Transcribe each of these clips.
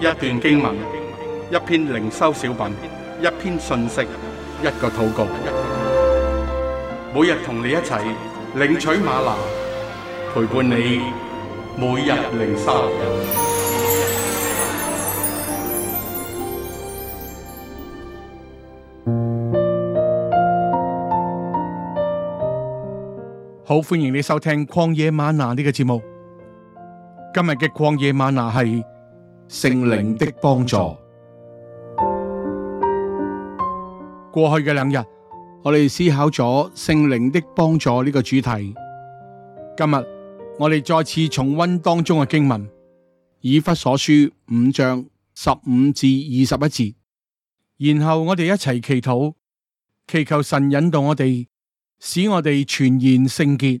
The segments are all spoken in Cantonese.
一段經文，一篇靈修小品，一篇信息，一個禱告。每日同你一齊領取嗎哪，陪伴你每日靈修。好，歡迎你收聽曠野嗎哪呢個節目。今日嘅曠野嗎哪係。聖靈聖靈的幫助。過去嘅兩日，我哋思考咗聖靈的幫助呢個主題。今日我哋再次重溫當中嘅經文，以弗所書五章十五至二十一節。然後我哋一齊祈禱，祈求神引導我哋，使我哋全然聖潔。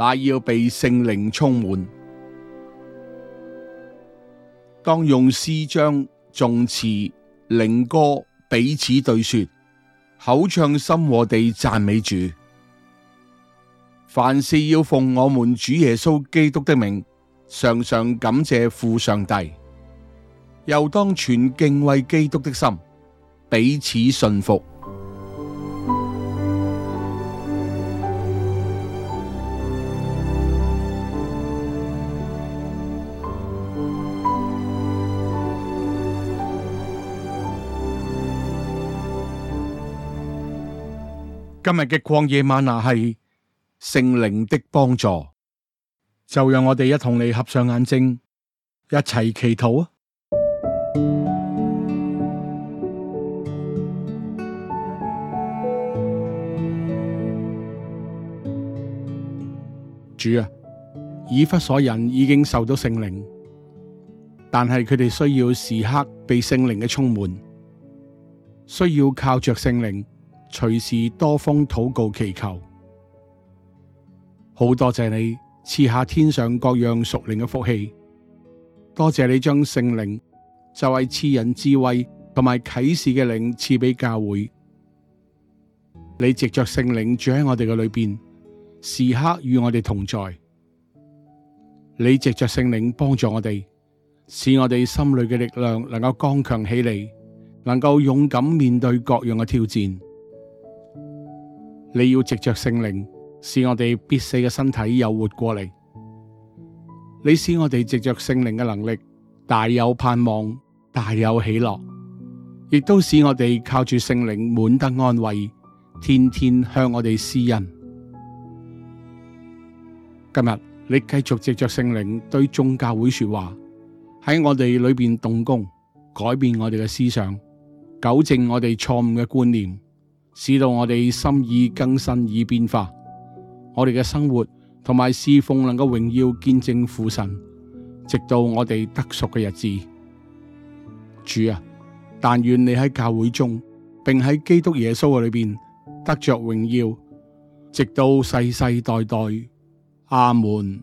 乃要被聖靈充滿，當用詩章、頌詞、靈歌彼此對說，口唱心和地讚美主。凡事要奉我們主耶穌基督的名，常常感謝父上帝。又當存敬畏基督的心，彼此順服。今日嘅曠野嗎哪係聖靈的幫助，就讓我哋一同你合上眼睛，一齊祈禱啊！主啊，以弗所人已經受到聖靈，但係佢哋需要時刻被聖靈嘅充滿，需要靠着聖靈。隨時多方禱告祈求，好多謝你賜下天上各樣屬靈嘅福氣。多謝你將聖靈就係賜人智慧同埋啟示嘅靈賜俾教會。你藉着聖靈住喺我哋嘅裏邊，時刻與我哋同在。你藉着聖靈幫助我哋，使我哋心裏嘅力量能夠剛強起嚟，能夠勇敢面對各樣嘅挑戰。你要藉着聖靈，使我哋必死嘅身體又活過嚟；你使我哋藉着聖靈嘅能力，大有盼望，大有喜樂；亦都使我哋靠住聖靈滿得安慰，天天向我哋施恩。今日你繼續藉着聖靈對眾教會說話，喺我哋裏邊動工，改變我哋嘅思想，糾正我哋錯誤嘅觀念。使到我哋心意更新而變化，我哋嘅生活同埋侍奉能夠榮耀見證父神，直到我哋得贖嘅日子。主啊，但願你喺教會中，並喺基督耶穌裏邊得着榮耀，直到世世代代。阿門。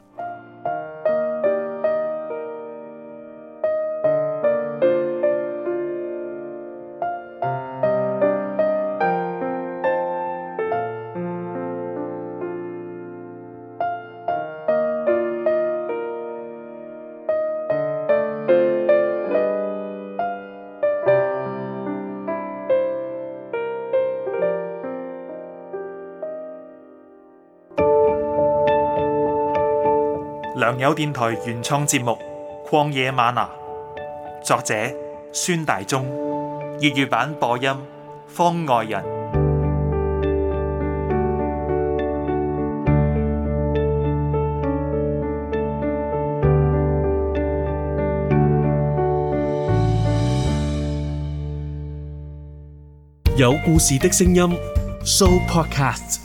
良友電台原創節目《曠野嗎哪》，作者孫大中，粵語版播音方外人，有故事的聲音，Show Podcast。